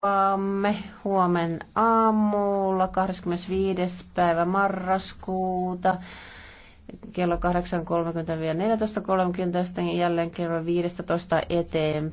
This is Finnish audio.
tapaamme huomen aamulla 25. päivä marraskuuta kello 8.30-14.30 jälleen kello 15 eteenpäin.